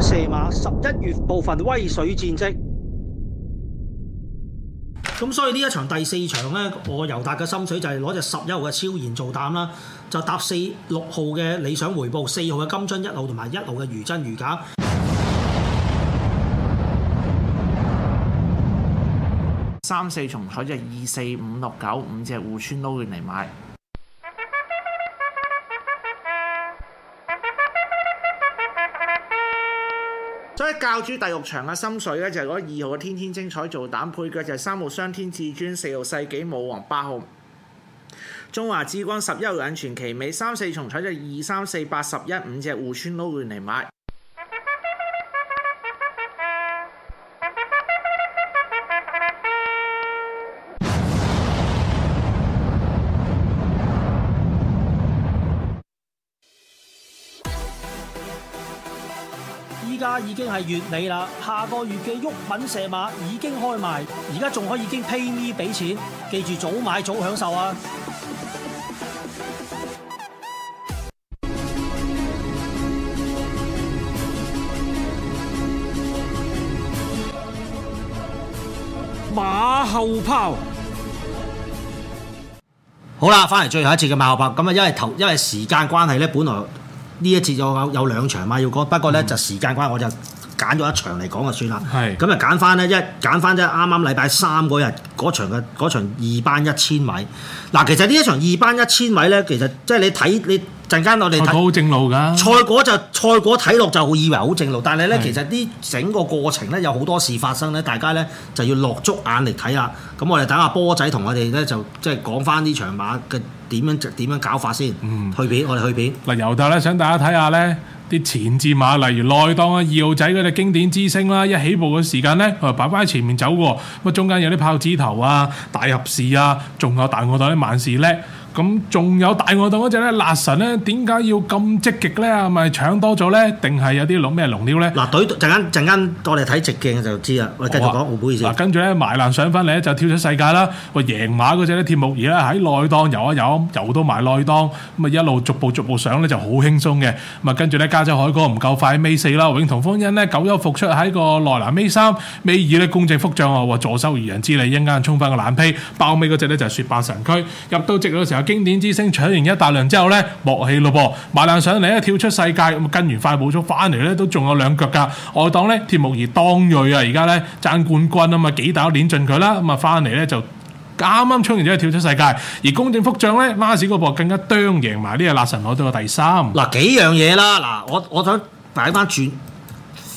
射馬十一月部分威水戰績，咁所以呢一場第四場呢，我尤達嘅心水就係攞隻十一號嘅超然做膽啦，就搭四六號嘅理想回報，四號嘅金樽一路同埋一路嘅如真如假，三四重彩嘅二四五六九五隻護村撈亂嚟買。教主第六場嘅心水咧，就係嗰二號嘅天天精彩做膽配腳，就係三號雙天至尊、四號世紀武王、八號中華之光、十一號隱泉其美、三四重彩就係二三四八十一五隻互串撈亂嚟買。依家已經係月尾啦，下個月嘅沃品射馬已經開賣，而家仲可以經 pay me 俾錢，記住早買早享受啊馬後炮！好了，馬後炮，好啦，翻嚟最後一次嘅馬後炮，咁啊，因為頭因為時間關係咧，本來。呢一次就有有兩場嘛要講，不過咧就、嗯、時間關係，我就，揀咗一場嚟講就算啦，咁是就揀翻咧，一揀翻即係啱啱禮拜三嗰日嗰場嘅嗰場二班一千米。嗱，其實呢一場二班一千米咧，其實即係你睇你陣間我哋賽果好正路㗎、啊，賽果就賽果睇落就以為好正路，但係咧是其實呢整個過程咧有好多事發生咧，大家咧就要落足眼力睇啦。咁我哋等下波仔同我哋咧就即係講翻呢場馬嘅點樣點樣搞法先。去片、嗯、我哋去片。嗱，由頭咧想大家睇下咧。啲前置馬，例如內檔啊、二號仔嗰隻經典之星啦，一起步嘅時間咧，佢話擺翻喺前面走喎，咁啊中間有啲炮子頭啊、大合士啊，仲有大我袋啲慢士叻。咁仲有大外檔嗰隻咧，辣神咧點解要咁積極咧？係咪搶多咗咧？定係有啲龍咩龍料咧？嗱，隊陣間陣間我哋睇直鏡就知啦。喂，繼續講，我唔好意思。嗱，跟住咧埋欄上翻嚟咧就跳出世界啦。喂，贏馬嗰隻咧鐵木兒咧喺內檔遊一遊，遊到埋內檔咁啊一路逐步逐步上咧就好輕鬆嘅。咁啊跟住咧加州海哥唔夠快，尾四啦永同風恩咧久休復出喺個內欄尾三尾二咧公正福將喎，助收漁人之利，一間衝翻個冷批包尾嗰隻咧就係雪白神區入到直路嘅時候。經典之星搶完一大量之後咧，冇氣咯噃，埋單上嚟咧跳出世界咁，跟完快步速翻嚟咧都仲有兩腳噶。外檔咧，鐵木兒當銳啊，而家咧爭冠軍啊嘛，幾大碾進佢啦，咁啊翻嚟咧就啱啱衝完咗跳出世界，而公正福將咧，拉史嗰波更加掕贏埋呢個納神攞到個第三。嗱，幾樣嘢啦，嗱，我我想擺翻轉。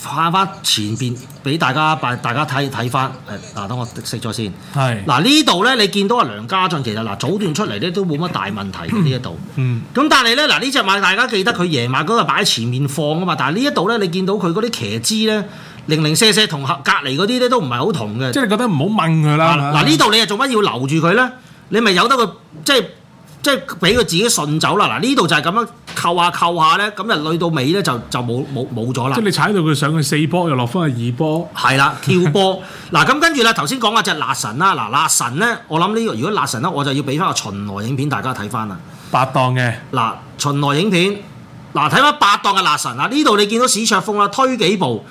看翻前邊俾大家，大大家睇睇翻。誒，嗱，等我熄咗先。係是。嗱呢度咧，你見到阿梁家俊其實，嗱早段出嚟咧都冇乜大問題嘅呢一度。嗯。咁但係咧，嗱呢隻馬大家記得佢夜馬嗰個擺喺前面放啊嘛。但係呢一度咧，你見到佢嗰啲騎姿咧零零舍舍，同隔隔離嗰啲咧都唔係好同嘅。即係覺得唔好問佢啦。嗱呢度你又做乜要留住佢咧？你咪有得佢即係。即係俾佢自己順走啦，嗱呢度就係咁樣扣下扣下咧，咁又累到尾咧就就冇冇冇咗啦。即係你踩到佢上去四波，又落翻去二波。係啦了，跳波。 嗱咁跟住啦，頭先講啊隻辣神啦，嗱辣神咧，我諗呢個如果辣神咧，我就要俾翻個巡邏影片大家睇翻啦。八檔嘅嗱巡邏影片嗱睇翻八檔嘅辣神啦，呢度你見到史卓峰啦推幾步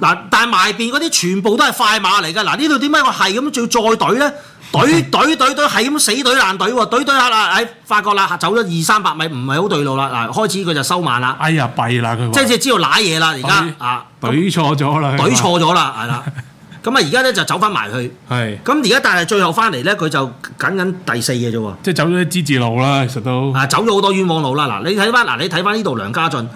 嗱，但係埋邊嗰啲全部都係快馬嚟㗎，嗱呢度點解我係咁做再隊咧？對對對對，係咁對對對對死對爛對，對對下啦，喺、哎、發覺啦，走咗二三百米，唔係好對路啦。嗱，開始佢就收慢啦。哎呀，弊啦佢。即係知道賴嘢啦，而家啊。對在錯咗啦。對那錯咗啦，係啦說。咁啊，而家咧就走翻埋去。咁而家但係最後翻嚟咧，佢就緊緊第四嘅啫喎。即係走咗啲之字路啦，其實都。啊，走咗好多冤枉路啦！嗱，你睇翻嗱，你睇翻呢度梁家俊，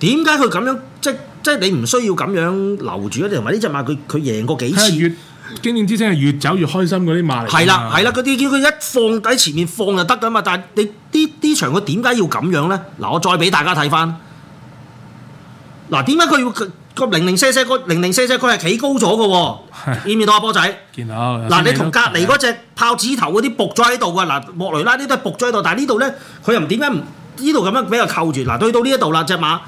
點解佢咁樣？即即係你唔需要咁樣留住啊！同埋呢隻馬，佢佢贏過幾次。經典之星係越走越開心嗰啲馬嚟，啊，係啦係啦，嗰啲叫佢一放喺前面放就得噶嘛。但係你啲啲場佢點解要咁樣咧？嗱，我再俾大家睇翻。嗱，點解佢要個零零四四個零零四四佢係企高咗嘅？唔見 到阿波仔，見到。嗱，你同隔籬嗰隻豹子頭嗰啲仆咗喺度嘅，嗱，莫雷拉呢都係仆咗喺度。但係呢度咧，佢又唔點解唔呢度咁樣俾佢扣住？嗱，對到呢一度啦，隻馬。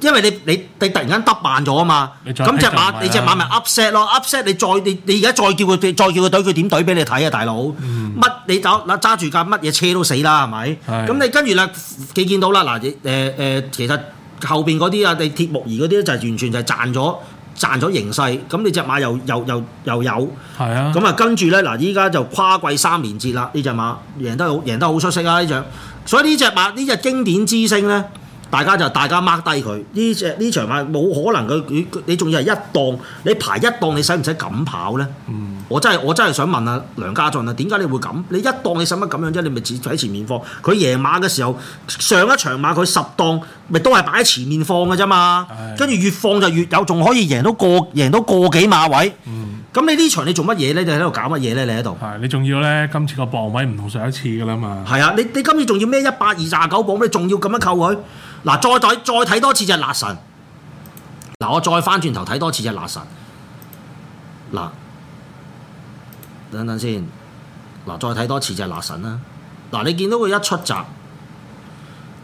因為你你你突然間得慢咗啊嘛，咁隻馬你隻馬咪 upset 咯，upset 你再你、啊、你而家再叫佢再叫佢隊，佢點隊俾你睇啊，大佬？乜、嗯、你走嗱揸住架乜嘢車都死啦，係咪？咁是的 你跟住啦，你見到啦嗱，誒誒，其實後邊嗰啲啊，你鐵木兒嗰啲就係完全就係賺咗賺咗形勢，咁你隻馬又又又又有，係啊是的，咁啊跟住咧嗱，依家就跨季三連捷啦，呢隻馬贏得好贏得好出色啊，呢隻，所以呢隻馬呢隻經典之星咧。大家就大家 mark 低佢呢隻呢場馬冇可能佢，你仲要係一檔，你排一檔，你使唔使咁跑呢？嗯、我真係我真係想問阿梁家俊啊，點解你會咁？你一檔你使乜咁樣啫？你咪就喺前面放。佢贏馬嘅時候，上一場馬佢十檔咪都係擺喺前面放嘅啫嘛。跟住是的 越放就越有，仲可以贏到個贏到個幾馬位。咁、嗯、你呢場你做乜嘢呢？你喺度搞乜嘢呢？你喺度？你仲要呢？今次個磅位唔同上一次噶啦嘛。係啊，你你今次仲要咩一百二廿九磅？你仲要咁樣扣佢？嗱，再睇再睇多次就係瀨神，嗱，我再返轉頭睇多次就係瀨神，嗱，等等先，嗱，再睇多次就係瀨神啦，嗱，你見到佢一出閘。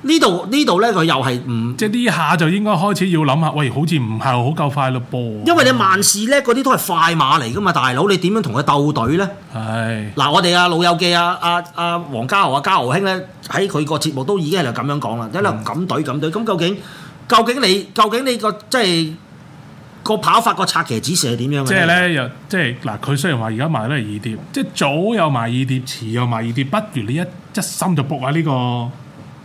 呢度呢度咧，佢又係唔即係呢下就應該開始要諗下，喂，好似唔係好夠快咯噃。因為你萬事咧，嗰啲都係快馬嚟噶嘛，大佬，你點樣同佢鬥隊咧？係嗱唉，我哋啊老友記啊，阿阿黃家豪啊，啊家豪兄咧，喺佢個節目都已經係咁樣講啦，一粒唔敢懟，嗯、敢懟，咁究竟究竟你究竟你個即係個跑法個策騎指示係點樣呢？即係咧，又即係嗱，佢雖然話而家賣咧二碟，即係早又賣二碟，遲又賣二碟，不如你一一心就 book 下呢個，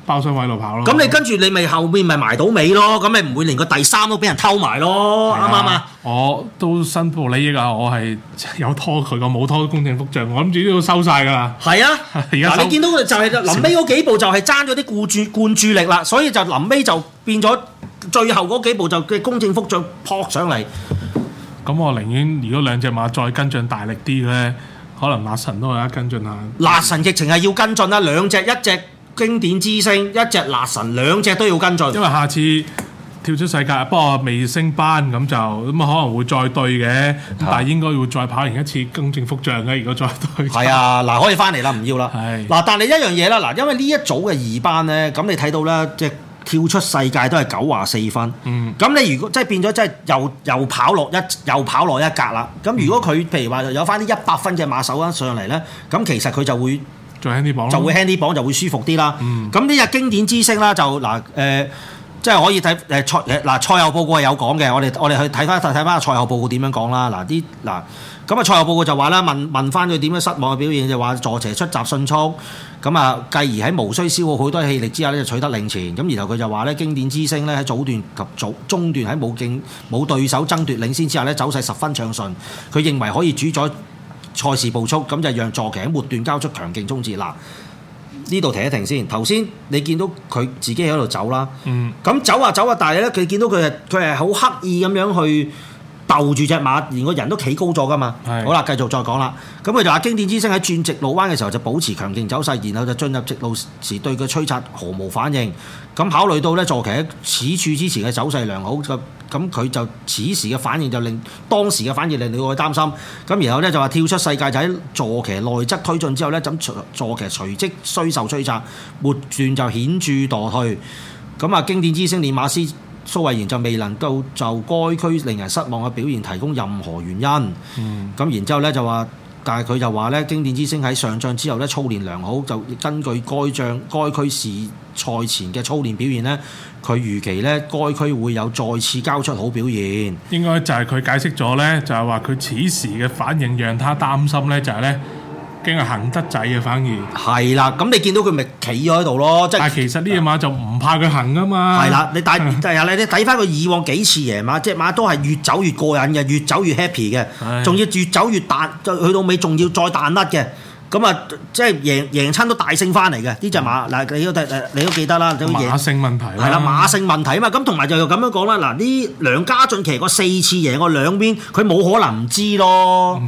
包廂位度跑咯，咁你跟住你咪後面咪埋到尾咯，咁你唔會連個第三個都俾人偷埋咯，啱唔啱啊？吧我都申報利益噶，我係有拖佢個冇拖公正福將，我諗住都要收晒噶啦。係啊，啊，你見到就係臨尾嗰幾步就係爭咗啲固注灌注力啦，所以就臨尾就變咗最後嗰幾步就嘅公正福將撲上嚟。咁我寧願如果兩隻馬再跟進大力啲咧，可能納神都係得跟進啊。納神疫情係要跟進啊，兩隻一隻。經典之星一隻辣神兩隻都要跟進，因為下次跳出世界，不過未升班咁就咁啊可能會再對嘅，的但係應該會再跑完一次更正幅像。嘅。如果再對係啊，嗱可以翻嚟的啦，唔要啦。嗱，但係你一樣嘢啦，嗱，因為呢一組嘅二班咧，咁你睇到咧，即係跳出世界都係九話四分。嗯。咁你如果即係變咗，即係又又跑落一又跑落一格啦。咁如果佢、嗯、譬如話有翻啲一百分嘅馬手啊上嚟咧，咁其實佢就會。就會輕啲磅，就會舒服啲啦。咁呢日經典之星啦、呃，就嗱誒，即係可以睇誒賽嗱賽後報告係有講嘅，我哋我哋去睇翻睇睇翻賽後報告點樣講啦。嗱啲嗱咁啊賽後報告就話啦，問問翻佢點樣失望嘅表現，就話坐騎出閘順衝，咁啊繼而喺無需消耗好多氣力之下咧，就取得領前。咁然後佢就話咧，經典之星咧喺早段及早中段喺冇競冇對手爭奪領先之下咧，走勢十分暢順。佢認為可以主宰賽事步速，咁就讓座騎喺末段交出強勁衝刺。嗱，呢度停一停先。頭先你見到佢自己喺度走啦，咁、嗯、走啊走啊，但係咧，佢見到佢佢係好刻意咁樣去逗住隻馬，連個人都企高咗噶嘛。是 好啦，繼續再講啦。咁佢就話經典之星喺轉直路彎嘅時候就保持強勁走勢，然後就進入直路時對佢催策毫無反應。咁考慮到咧，座騎喺此處之前嘅走勢良好，咁佢就此時嘅反應，就令當時嘅反應令你會擔心，咁然後咧就話，跳出世界就喺坐騎內側推進之後咧，咁坐騎隨即衰受摧責，末程就顯著墮退。咁啊，經典之星練馬師蘇偉賢就未能夠就該區令人失望嘅表現提供任何原因。咁、嗯、然之後咧就話，但係佢就話咧，經典之星喺上仗之後咧操練良好，就根據該仗該區市。賽前嘅操練表現咧，佢預期咧，該區會有再次交出好表現。應該就係佢解釋咗咧，就係話佢此時嘅反應讓他擔心咧，就係咧驚佢行得滯嘅反而。係啦，咁你見到佢咪企咗喺度咯？即係其實呢隻馬就唔怕佢行啊嘛。係啦，你但係 你睇翻佢以往幾次贏馬，隻、即係、馬都係越走越過癮嘅，越走越 happy 嘅，仲的要越走越彈，去到尾仲要再彈甩嘅。咁啊，即係贏贏親都大勝翻嚟嘅，呢隻馬嗱，你都得你都記得啦，都贏馬性問題，係啦，馬性問題啊嘛，咁同埋就咁樣講啦，嗱，呢梁家俊騎過四次贏我兩邊，佢冇可能唔知咯，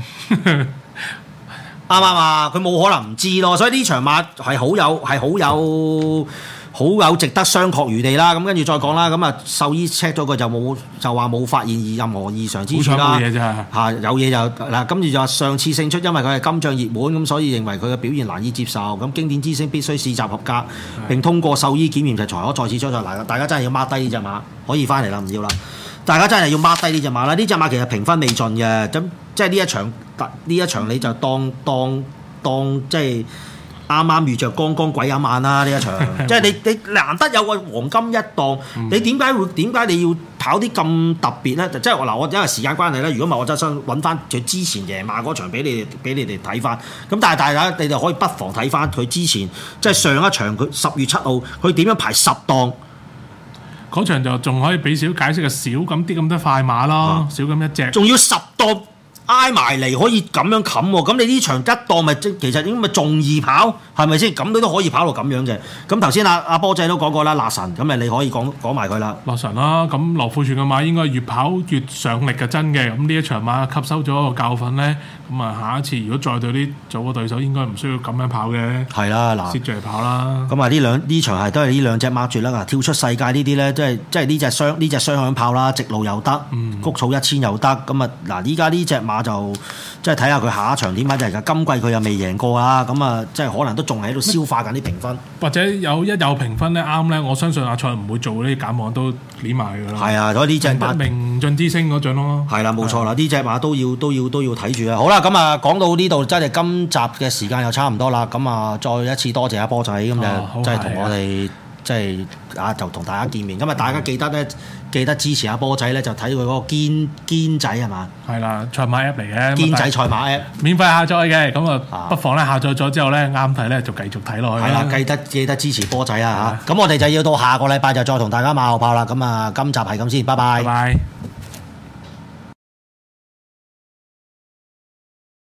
啱唔啱啊？佢冇可能唔知咯，所以呢場馬係好有，係好有。好有值得商榷餘地啦，咁跟住再講啦，咁啊獸醫 check 咗佢就冇就話冇發現任何異常之處啦。嚇有嘢就嗱，跟住就話上次勝出，因為佢係金將今仗熱門，咁所以認為佢嘅表現難以接受。咁經典之星必須試閘合格的並通過獸醫檢驗就才可再次出賽。啦大家真係要 mark 低呢隻馬，可以翻嚟啦，唔要啦。大家真係要 mark 低呢隻馬啦。呢隻馬其實評分未盡嘅，咁即係呢一場，呢一場你就當當當即係。啱啱遇着光光鬼一晚，啦呢一場，即係 你你難得有個黃金一檔，你點解會點解你要跑啲咁特別呢？就即係嗱，我因為時間關係咧，如果唔係我真係想揾翻佢之前夜馬嗰場俾你哋睇翻。咁但係大家，你哋可以不妨睇翻佢之前，即係上一場佢十月七號佢點樣排十檔嗰場就仲可以俾少解釋嘅少咁啲咁多快馬咯，少咁一隻，仲要十檔。挨埋嚟可以咁樣冚喎，咁你呢場一檔咪即其實應該咪仲易跑係咪先？咁你都可以跑到咁樣嘅。咁頭先阿阿波仔都講過啦，樂神咁你可以講埋佢啦。樂神啦、啊，咁羅富全嘅馬應該越跑越上力嘅，真嘅。咁呢一場馬吸收咗個教訓咧，咁啊下一次如果再對啲組嘅對手，應該唔需要咁樣跑嘅。係啦、啊，嗱，接住嚟跑啦。咁啊呢兩呢場係都係呢兩隻馬住叻啦，跳出世界呢啲咧，即係即係呢隻雙呢隻雙響炮啦，直路又得，嗯、谷草一千又得。咁啊嗱，依家呢隻馬。就即係睇下佢下一場點樣啫，而今季佢又未贏過啊，咁啊，即係可能都仲係喺度消化緊啲評分，或者有一有評分咧啱咧，我相信阿蔡唔會做呢啲減磅都點埋噶啦。係啊，所以呢隻馬名進之星嗰隻咯，係、啊、啦，冇錯啦，呢隻馬都要都要都要睇住啊。好啦，咁啊，講到呢度真係今集嘅時間又差唔多啦，咁啊，再一次多謝阿、啊、波仔，咁就真係同我哋。哦即係啊，就同大家見面。咁啊，大家記得咧，記得支持阿波仔咧，就睇佢嗰個堅堅仔係嘛？係啦，賽馬 App 嚟嘅。堅仔賽馬 App 免費下載嘅，咁啊的，不妨咧下載咗之後咧，啱睇咧就繼續睇落去。係啦，記得記得支持波仔的啊嚇。咁我哋就要到下個禮拜就再同大家馬後砲啦。咁啊，今集係咁先，拜拜。拜拜。